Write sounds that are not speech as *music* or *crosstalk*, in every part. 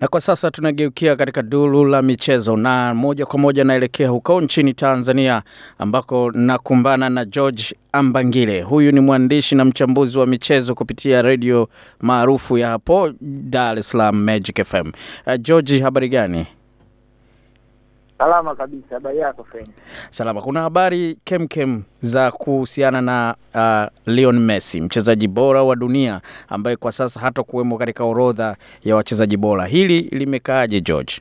Na kwa sasa tunageukia katika duru la michezo na moja kwa moja naelekea huko nchini Tanzania ambako nakumbana na George Ambangile. Huyu ni mwandishi na mchambuzi wa michezo kupitia redio maarufu ya hapo Dar es Salaam Magic FM. Uh, George, habari gani? Salama kabisa, habari yako friend? Salama. Kuna habari kemkem za kuhusiana na uh, Leon Messi, mchezaji bora wa dunia ambaye kwa sasa hata kuwemo katika orodha ya wachezaji bora. Hili limekaaje George?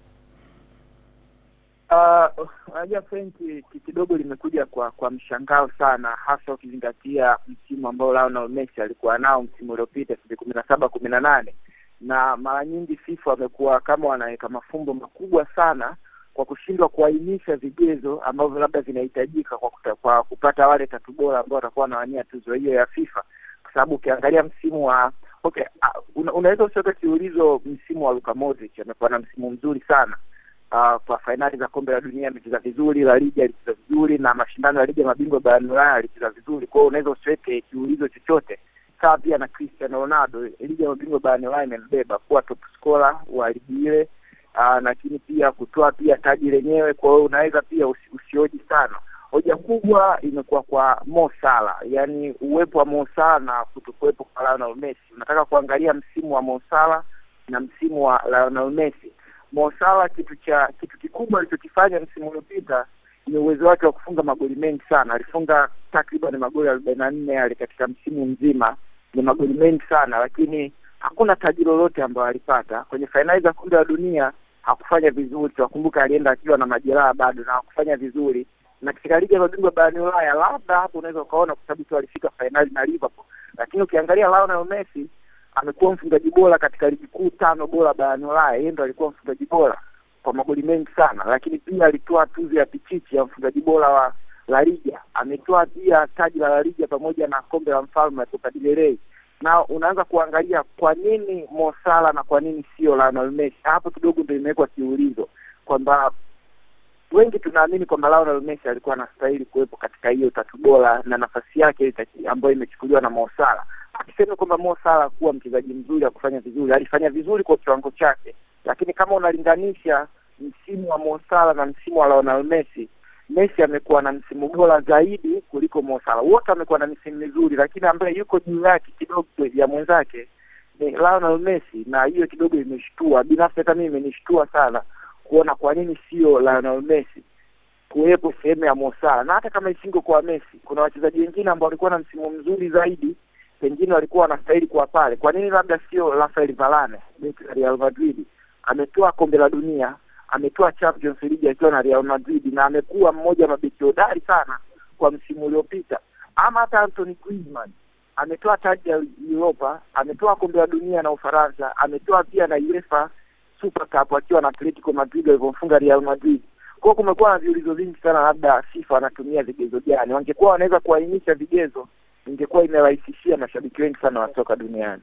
Uh, unajua uh, kidogo limekuja kwa kwa mshangao sana, hasa ukizingatia msimu ambao Lionel Messi alikuwa nao msimu uliopita elfu mbili kumi na saba kumi na nane na mara nyingi FIFA wamekuwa kama wanaweka mafumbo makubwa sana kwa kushindwa kuainisha vigezo ambavyo labda vinahitajika kwa, kwa kupata wale tatu bora ambao watakuwa wanawania tuzo hiyo ya FIFA kwa sababu ukiangalia msimu wa okay, uh, unaweza usiweke kiulizo msimu wa Luka Modric amekuwa na msimu mzuri sana uh, kwa fainali za kombe la dunia amecheza vizuri, La Liga alicheza vizuri, na mashindano ya ligi ya mabingwa barani Ulaya alicheza vizuri. Kwa hiyo unaweza usiweke kiulizo chochote, sawa pia na Cristiano Ronaldo, liga ya mabingwa barani Ulaya imembeba kuwa top scorer wa ligi ile Ah, lakini pia kutoa pia taji lenyewe. Kwa hiyo unaweza pia usi, usioji sana. Hoja kubwa imekuwa kwa Mo Salah, yaani uwepo wa Mo Salah na kutokuwepo kwa Lionel Messi. Unataka kuangalia msimu wa Mo Salah na msimu wa Lionel Messi. Mo Salah kitu cha kitu kikubwa alichokifanya msimu uliopita ni uwezo wake wa kufunga magoli mengi sana. Alifunga takriban magoli arobaini na nne yale katika msimu mzima, ni magoli mengi sana, lakini hakuna taji lolote ambayo alipata. Kwenye fainali za kombe la dunia hakufanya vizuri, tunakumbuka alienda akiwa na majeraha bado na hakufanya vizuri, na katika ligi ya mabingwa barani Ulaya labda hapo unaweza ukaona, kwa sababu tu walifika fainali na Liverpool, lakini ukiangalia Lionel Messi amekuwa mfungaji bora katika ligi kuu tano bora barani Ulaya, yeye ndo alikuwa mfungaji bora kwa magoli mengi sana, lakini pia alitoa tuzo ya Pichichi ya mfungaji bora wa La Liga, ametoa pia taji la La Liga pamoja na kombe la mfalme ya Copa del Rey na unaanza kuangalia kwa nini mosala na kwa nini sio Lionel Messi. Hapo kidogo ndio imewekwa kiulizo kwamba wengi tunaamini kwamba Lionel Messi alikuwa anastahili kuwepo katika hiyo tatu bora na nafasi yake ambayo imechukuliwa na mosala Akisema kwamba mosala kuwa mchezaji mzuri akufanya vizuri, alifanya vizuri kwa kiwango chake, lakini kama unalinganisha msimu wa mosala na msimu wa Lionel Messi Messi amekuwa na msimu bora zaidi kuliko Mo Salah. Wote amekuwa na misimu mizuri, lakini ambaye yuko juu yake kidogo ya mwenzake ni Lionel Messi, na hiyo kidogo imeshtua binafsi, hata mimi imenishtua sana kuona kwa nini sio Lionel Messi kuwepo sehemu ya Mo Salah, na hata kama isingo kwa Messi, kuna wachezaji wengine ambao walikuwa na msimu mzuri zaidi, pengine walikuwa wanastahili kuwa pale. Kwa nini labda sio Rafael Varane beki wa Real Madrid, ametoa kombe la dunia ametoa Champions League akiwa na Real Madrid na amekuwa mmoja wa mabeki hodari sana kwa msimu uliopita. Ama hata Anthony Griezmann ametoa taji ya Europa, ametoa kombe la dunia na Ufaransa, ametoa pia na UEFA Super Cup akiwa na Atletico Madrid alivyomfunga Real Madrid. Kwa kumekuwa na viulizo vingi sana, labda FIFA anatumia vigezo gani? Wangekuwa wanaweza kuainisha vigezo, ingekuwa imerahisishia mashabiki wengi sana wa soka duniani.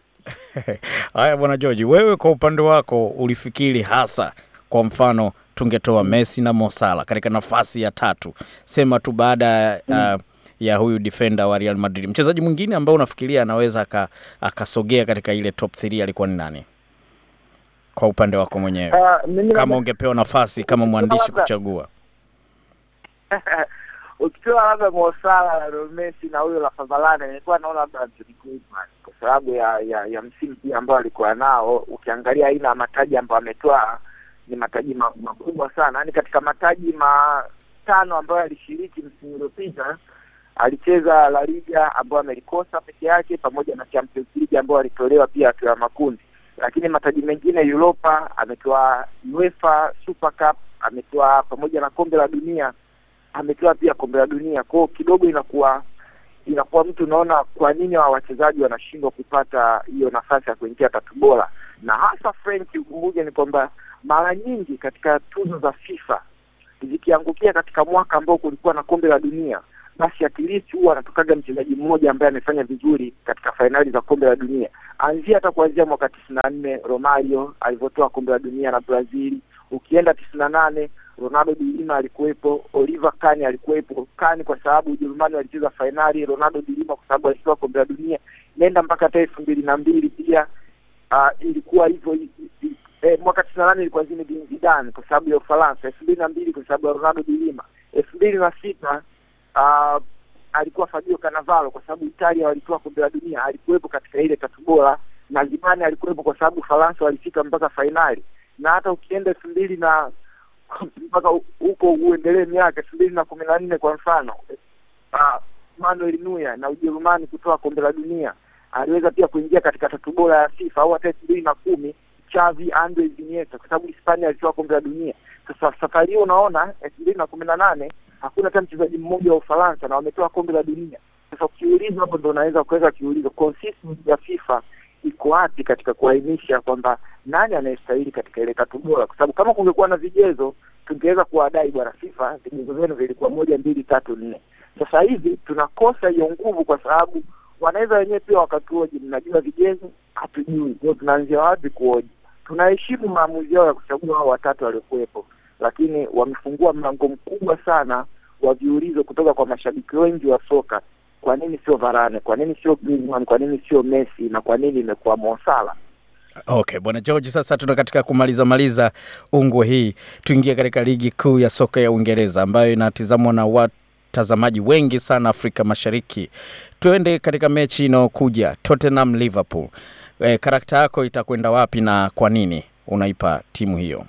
*laughs* Haya, bwana George, wewe kwa upande wako ulifikiri hasa kwa mfano tungetoa Messi na Mosala katika nafasi ya tatu, sema tu baada mm. uh, ya huyu defender wa Real Madrid. Mchezaji mwingine ambaye unafikiria anaweza akasogea katika ile top 3 alikuwa ni nani kwa upande wako mwenyewe, uh, kama ungepewa nafasi kama mwandishi kuchagua? Ukipewa labda *laughs* Mosala na Messi na huyo Lafabalana, nilikuwa naona labda Griezmann kwa sababu ya ya, ya msingi ambao alikuwa nao. Ukiangalia aina ya mataji ambayo ametwaa ni mataji makubwa sana, yani katika mataji matano ambayo alishiriki msimu uliopita alicheza La Liga ambayo amelikosa peke yake, pamoja na Champions League ambayo alitolewa pia akiwa ya makundi, lakini mataji mengine Europa ametoa, UEFA Super Cup ametoa, pamoja na kombe la dunia ametoa pia kombe la dunia. Kwao kidogo inakuwa inakuwa mtu unaona kwa nini wa wachezaji wanashindwa kupata hiyo nafasi ya kuingia tatu bora, na hasa French, ukumbuke ni kwamba mara nyingi katika tuzo za FIFA zikiangukia katika mwaka ambao kulikuwa na kombe la dunia, basi at least huwa anatokaga mchezaji mmoja ambaye amefanya vizuri katika fainali za kombe la dunia, anzia hata kuanzia mwaka tisini na nne Romario alivyotoa kombe la dunia na Brazil, ukienda tisini na nane Ronaldo de Lima alikuwepo, Oliver Kahn alikuwepo. Kahn kwa sababu Ujerumani walicheza fainali, Ronaldo de Lima kwa sababu alitoa kombe la dunia, nenda mpaka hata elfu mbili na mbili pia uh, ilikuwa hivyo eh, mwaka tisini na nane ilikuwa Zinedine Zidane kwa sababu ya Ufaransa, elfu mbili na mbili kwa sababu ya Ronaldo de Lima, elfu mbili na sita uh, alikuwa Fabio Cannavaro kwa sababu Italia walitoa kombe la dunia, alikuwepo katika ile tatu bora, na Zidane alikuwepo kwa sababu Ufaransa walifika mpaka fainali, na hata ukienda elfu mbili na *laughs* mpaka huko uendelee miaka elfu mbili na kumi na nne kwa mfano uh, Manuel Neuer na Ujerumani kutoa kombe la dunia aliweza pia kuingia katika tatu bora ya FIFA au hata elfu mbili na kumi Chavi Andre, Iniesta kwa sababu Hispania alitoa kombe la dunia. Sasa safari hiyo unaona elfu mbili na kumi na nane hakuna hata mchezaji mmoja wa Ufaransa na wametoa kombe la dunia. Sasa ukiuliza hapo ndo unaweza kuweza kiulizo consistency ya FIFA iko wapi katika kuainisha kwamba nani anayestahili katika ile tatu bora, kwa sababu kama kungekuwa na vigezo tungeweza kuwadai bwana FIFA, vigezo vyenu vilikuwa moja, mbili, tatu, nne. Sasa hivi tunakosa hiyo nguvu, kwa sababu wanaweza wenyewe pia wakatuoji, mnajua vigezo hatujui, tunaanzia wapi kuoji? tunaheshimu maamuzi yao ya kuchagua hao watatu waliokuwepo, lakini wamefungua mlango mkubwa sana wa viulizo kutoka kwa mashabiki wengi wa soka. Kwa nini sio Varane? Kwa nini sio Griezmann? Kwa nini sio Messi? Na kwa nini imekuwa mosala ok Okay, bwana George, sasa tuna katika kumaliza maliza ungwe hii, tuingie katika ligi kuu ya soka ya Uingereza ambayo inatizamwa na watu watazamaji wengi sana Afrika Mashariki. Tuende katika mechi inayokuja Tottenham Liverpool. E, karakta yako itakwenda wapi na kwa nini unaipa timu hiyo?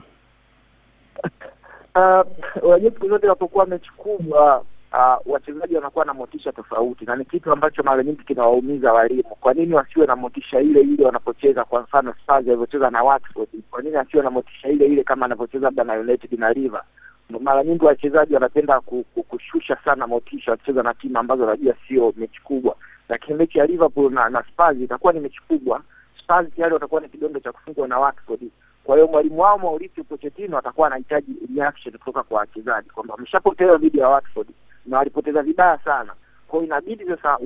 *laughs* Ah, unajua, siku zote inapokuwa mechi kubwa uh, wachezaji wanakuwa na motisha tofauti, na ni kitu ambacho mara nyingi kinawaumiza walimu. Kwa nini wasiwe na motisha ile ile wanapocheza? Kwa mfano Spurs alivyocheza na Watford, kwa nini asiwe na motisha ile ile kama anavyocheza labda na United na River? mara nyingi wachezaji wanapenda kushusha sana motisha wakicheza na timu ambazo wanajua sio mechi kubwa, lakini mechi ya Liverpool na, na Spurs itakuwa ni mechi kubwa. Spurs tayari watakuwa ni kidondo cha kufungwa na Watford. Kwa hiyo mwalimu wao Mauricio Pochettino atakuwa anahitaji reaction kutoka kwa wachezaji kwamba wameshapotea dhidi ya Watford na walipoteza vibaya sana. Kwa hiyo inabidi sasa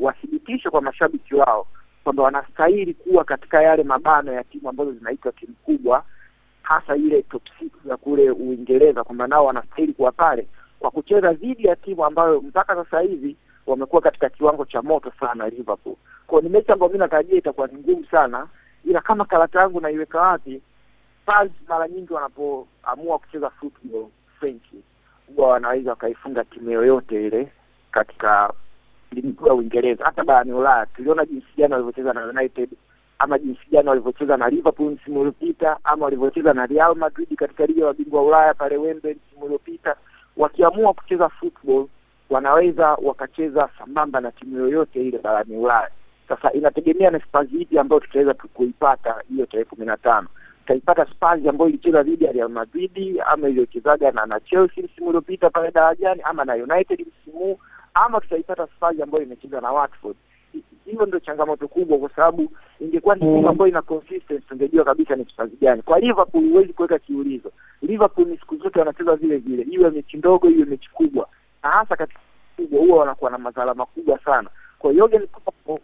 wathibitishe wa, wa, wa, kwa mashabiki wao kwamba wanastahili kuwa katika yale mabano ya timu ambazo zinaitwa timu kubwa hasa ile top six ya kule Uingereza kwamba nao wanastahili kuwa pale kwa kucheza dhidi ya timu ambayo mpaka sasa hivi wamekuwa katika kiwango cha moto sana Liverpool. Kwa ni mechi ambayo mimi natarajia itakuwa ni ngumu sana, ila kama karata yangu naiweka wapi, fans mara nyingi wanapoamua kucheza football French huwa wanaweza wakaifunga timu yoyote ile katika ligi kuu ya Uingereza, hata barani Ulaya tuliona jinsi jana walivyocheza na United ama jinsi gani walivyocheza na Liverpool msimu uliopita ama walivyocheza na Real Madrid katika ligi ya mabingwa Ulaya pale Wembley msimu uliopita. Wakiamua kucheza football, wanaweza wakacheza sambamba na timu yoyote ile barani Ulaya. Sasa inategemea na spazi hipi ambayo tutaweza kuipata hiyo tarehe kumi na tano. Tutaipata Spurs ambayo ilicheza dhidi ya Real Madrid ama iliyochezaga na na Chelsea msimu uliopita pale darajani ama na United msimu, ama tutaipata spazi ambayo imecheza na Watford hiyo ndio changamoto kubwa, kwa sababu ingekuwa ni timu mm. ambayo ina consistency, ungejua kabisa ni kipazi gani. Kwa Liverpool huwezi kuweka kiulizo. Liverpool ni siku zote wanacheza vile vile, iwe mechi ndogo, iwe mechi kubwa, na hasa katika kubwa huwa wanakuwa na madhara makubwa sana. Kwa Jurgen Klopp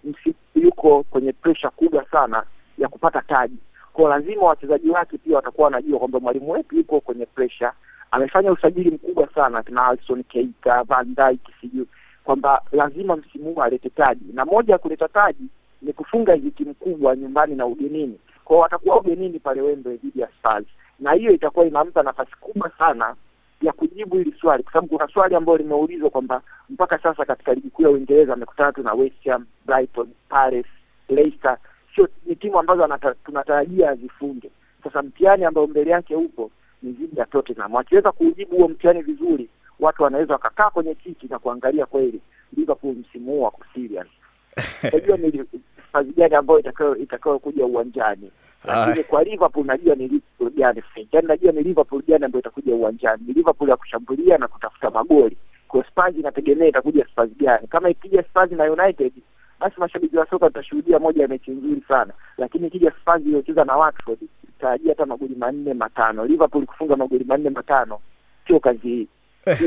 yuko kwenye pressure kubwa sana ya kupata taji, kwa lazima wachezaji wake pia watakuwa wanajua kwamba mwalimu wetu yuko kwenye pressure. Amefanya usajili mkubwa sana, na Alisson Keita, Van Dijk, sijui kwamba lazima msimu huu alete taji, na moja ya kuleta taji ni kufunga timu kubwa nyumbani na ugenini. Kwao watakuwa ugenini pale wembe dhidi ya Spurs, na hiyo itakuwa inampa nafasi kubwa sana ya kujibu hili swali, kwa sababu kuna swali ambalo limeulizwa kwamba mpaka sasa katika ligi kuu ya Uingereza amekutana tu na West Ham, Brighton, Paris, Leicester, sio ni timu ambazo tunatarajia azifunge. Sasa mtihani ambao mbele yake upo ni dhidi ya Tottenham. Akiweza kuujibu huo mtihani vizuri watu wanaweza wakakaa kwenye kiti na kuangalia kweli Liverpool msimu huu wako serious. *laughs* Najua ni fazi gani ambayo itakayo itakayokuja uwanjani ah. lakini kwa Liverpool najua ni Liverpool gani fake, yaani najua ni Liverpool gani ambayo itakuja uwanjani, ni Liverpool ya kushambulia na kutafuta magoli. Kwa Spurs inategemea itakuja Spurs gani. Kama ikija Spurs na United, basi mashabiki wa soka tutashuhudia moja ya mechi nzuri sana, lakini ikija Spurs iliyocheza na Watford, tarajia hata magoli manne matano. Liverpool kufunga magoli manne matano sio kazi hii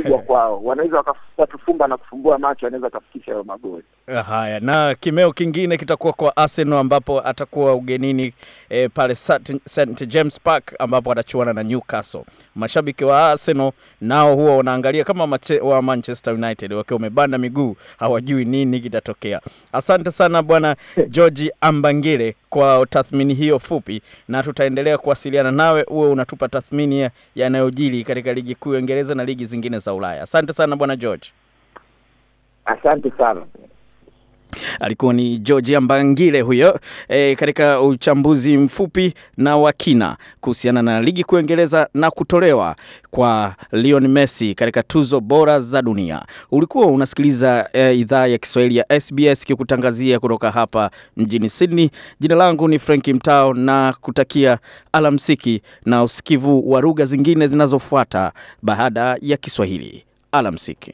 kubwa kwao, wanaweza wakatufumba na kufumbua macho, wanaweza wakafikisha hayo magoli. Eh, haya, na kimeo kingine kitakuwa kwa Arsenal ambapo atakuwa ugenini e, pale St James Park ambapo atachuana na Newcastle. Mashabiki wa Arsenal nao huwa wanaangalia kama mache, wa Manchester United wakiwa wamebanda miguu, hawajui nini kitatokea. Asante sana Bwana George Ambangile kwa tathmini hiyo fupi, na tutaendelea kuwasiliana nawe, uwe unatupa tathmini yanayojiri katika ligi kuu ya Uingereza na ligi zingine nyingine za Ulaya. Asante sana Bwana George. Asante sana. Alikuwa ni George Ambangile huyo e, katika uchambuzi mfupi na wa kina kuhusiana na ligi kuengeleza na kutolewa kwa Lionel Messi katika tuzo bora za dunia. Ulikuwa unasikiliza e, idhaa ya Kiswahili ya SBS kikutangazia kutoka hapa mjini Sydney. Jina langu ni Frank Mtao na kutakia alamsiki na usikivu wa lugha zingine zinazofuata baada ya Kiswahili. Alamsiki.